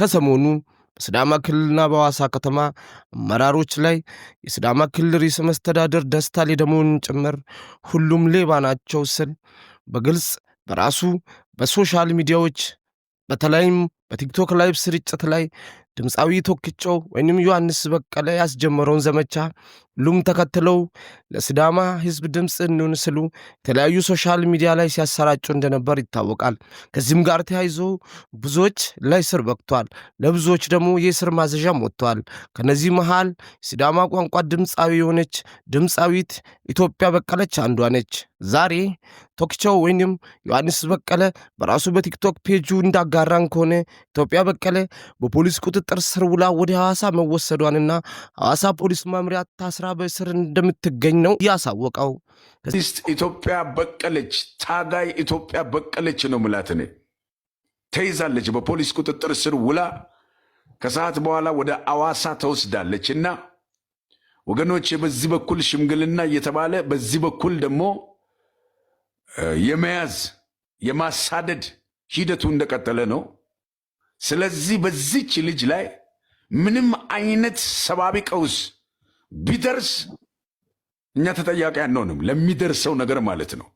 ከሰሞኑ በስዳማ ክልልና በሐዋሳ ከተማ አመራሮች ላይ የስዳማ ክልል ርዕሰ መስተዳድር ደስታ ሌዳሞን ጭምር ሁሉም ሌባ ናቸው ስል በግልጽ በራሱ በሶሻል ሚዲያዎች በተለይም በቲክቶክ ላይቭ ስርጭት ላይ ድምፃዊ ቶክቸው ወይንም ዮሐንስ በቀለ ያስጀመረውን ዘመቻ ሁሉም ተከትለው ለስዳማ ህዝብ ድምፅ እንሁን ስሉ የተለያዩ ሶሻል ሚዲያ ላይ ሲያሰራጩ እንደነበር ይታወቃል። ከዚህም ጋር ተያይዞ ብዙዎች ስር በቅቷል፣ ለብዙዎች ደግሞ የእስር ማዘዣም ወጥተዋል። ከነዚህ መሃል ስዳማ ቋንቋ ድምፃዊ የሆነች ድምፃዊት ኢትዮጵያ በቀለች አንዷ ነች። ዛሬ ቶክቾ ወይንም ዮሐንስ በቀለ በራሱ በቲክቶክ ፔጁ እንዳጋራን ከሆነ ኢትዮጵያ በቀለ በፖሊስ ቁጥጥር ቁጥጥር ስር ውላ ወደ ሐዋሳ መወሰዷንና ሐዋሳ ፖሊስ መምሪያ ታስራ በእስር እንደምትገኝ ነው ያሳወቀው። ኢትዮጵያ በቀለች ታጋይ ኢትዮጵያ በቀለች ነው ምላት እኔ ተይዛለች። በፖሊስ ቁጥጥር ስር ውላ ከሰዓት በኋላ ወደ አዋሳ ተወስዳለች እና ወገኖች በዚህ በኩል ሽምግልና እየተባለ በዚህ በኩል ደግሞ የመያዝ የማሳደድ ሂደቱ እንደቀጠለ ነው። ስለዚህ በዚች ልጅ ላይ ምንም አይነት ሰብአዊ ቀውስ ቢደርስ እኛ ተጠያቂ አንሆንም፣ ለሚደርሰው ነገር ማለት ነው።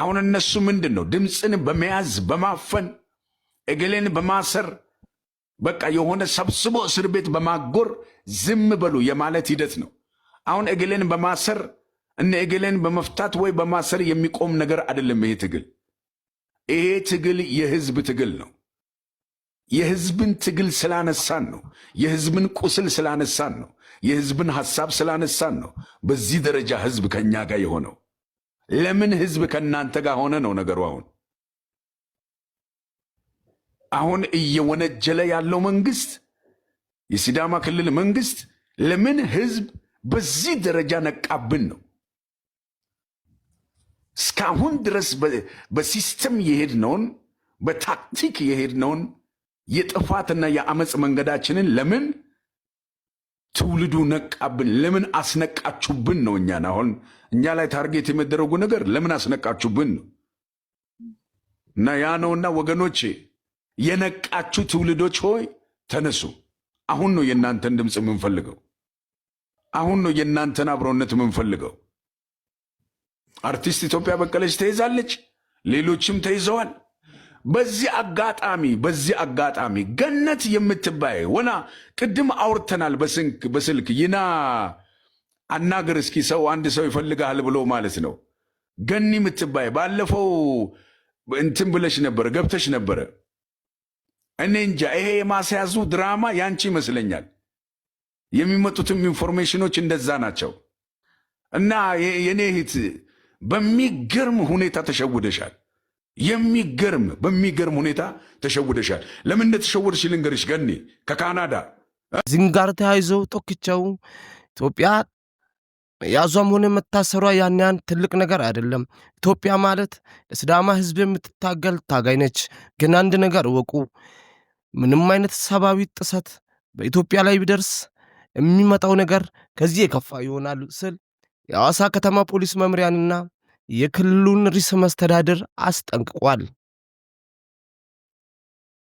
አሁን እነሱ ምንድን ነው ድምፅን በመያዝ በማፈን እግሌን በማሰር በቃ የሆነ ሰብስቦ እስር ቤት በማጎር ዝም በሉ የማለት ሂደት ነው። አሁን እግሌን በማሰር እነ እግሌን በመፍታት ወይ በማሰር የሚቆም ነገር አይደለም። ይሄ ትግል ይሄ ትግል የህዝብ ትግል ነው። የህዝብን ትግል ስላነሳን ነው። የህዝብን ቁስል ስላነሳን ነው። የህዝብን ሐሳብ ስላነሳን ነው። በዚህ ደረጃ ህዝብ ከእኛ ጋር የሆነው ለምን ህዝብ ከእናንተ ጋር ሆነ ነው ነገሩ። አሁን አሁን እየወነጀለ ያለው መንግስት፣ የሲዳማ ክልል መንግስት ለምን ህዝብ በዚህ ደረጃ ነቃብን ነው። እስካሁን ድረስ በሲስተም የሄድነውን በታክቲክ የሄድነውን የጥፋትና የአመፅ መንገዳችንን ለምን ትውልዱ ነቃብን? ለምን አስነቃችሁብን ነው እኛን። አሁን እኛ ላይ ታርጌት የሚደረጉ ነገር ለምን አስነቃችሁብን ነው እና ያ ነውና ወገኖቼ የነቃችሁ ትውልዶች ሆይ ተነሱ። አሁን ነው የእናንተን ድምፅ የምንፈልገው። አሁን ነው የእናንተን አብሮነት የምንፈልገው። አርቲስት ኢትዮጵያ በቀለች ተይዛለች፣ ሌሎችም ተይዘዋል። በዚህ አጋጣሚ በዚህ አጋጣሚ ገነት የምትባይ ወና ቅድም አውርተናል በስልክ ይና አናገር እስኪ ሰው አንድ ሰው ይፈልግሃል ብሎ ማለት ነው። ገኒ የምትባይ ባለፈው እንትን ብለሽ ነበረ ገብተሽ ነበረ። እኔ እንጃ ይሄ የማስያዙ ድራማ ያንቺ ይመስለኛል። የሚመጡትም ኢንፎርሜሽኖች እንደዛ ናቸው። እና የኔ እህት በሚገርም ሁኔታ ተሸውደሻል። የሚገርም በሚገርም ሁኔታ ተሸውደሻል። ለምን እንደተሸወደሽ ልንገርሽ። ገኒ ከካናዳ እዚህን ጋር ተያይዘው ጦክቸው ኢትዮጵያ ያዟም ሆነ መታሰሯ ያን ያን ትልቅ ነገር አይደለም። ኢትዮጵያ ማለት ስዳማ ህዝብ የምትታገል ታጋይ ነች። ግን አንድ ነገር እወቁ፣ ምንም አይነት ሰብአዊ ጥሰት በኢትዮጵያ ላይ ቢደርስ የሚመጣው ነገር ከዚህ የከፋ ይሆናል ስል የሐዋሳ ከተማ ፖሊስ መምሪያንና የክልሉን ርዕሰ መስተዳድር አስጠንቅቋል።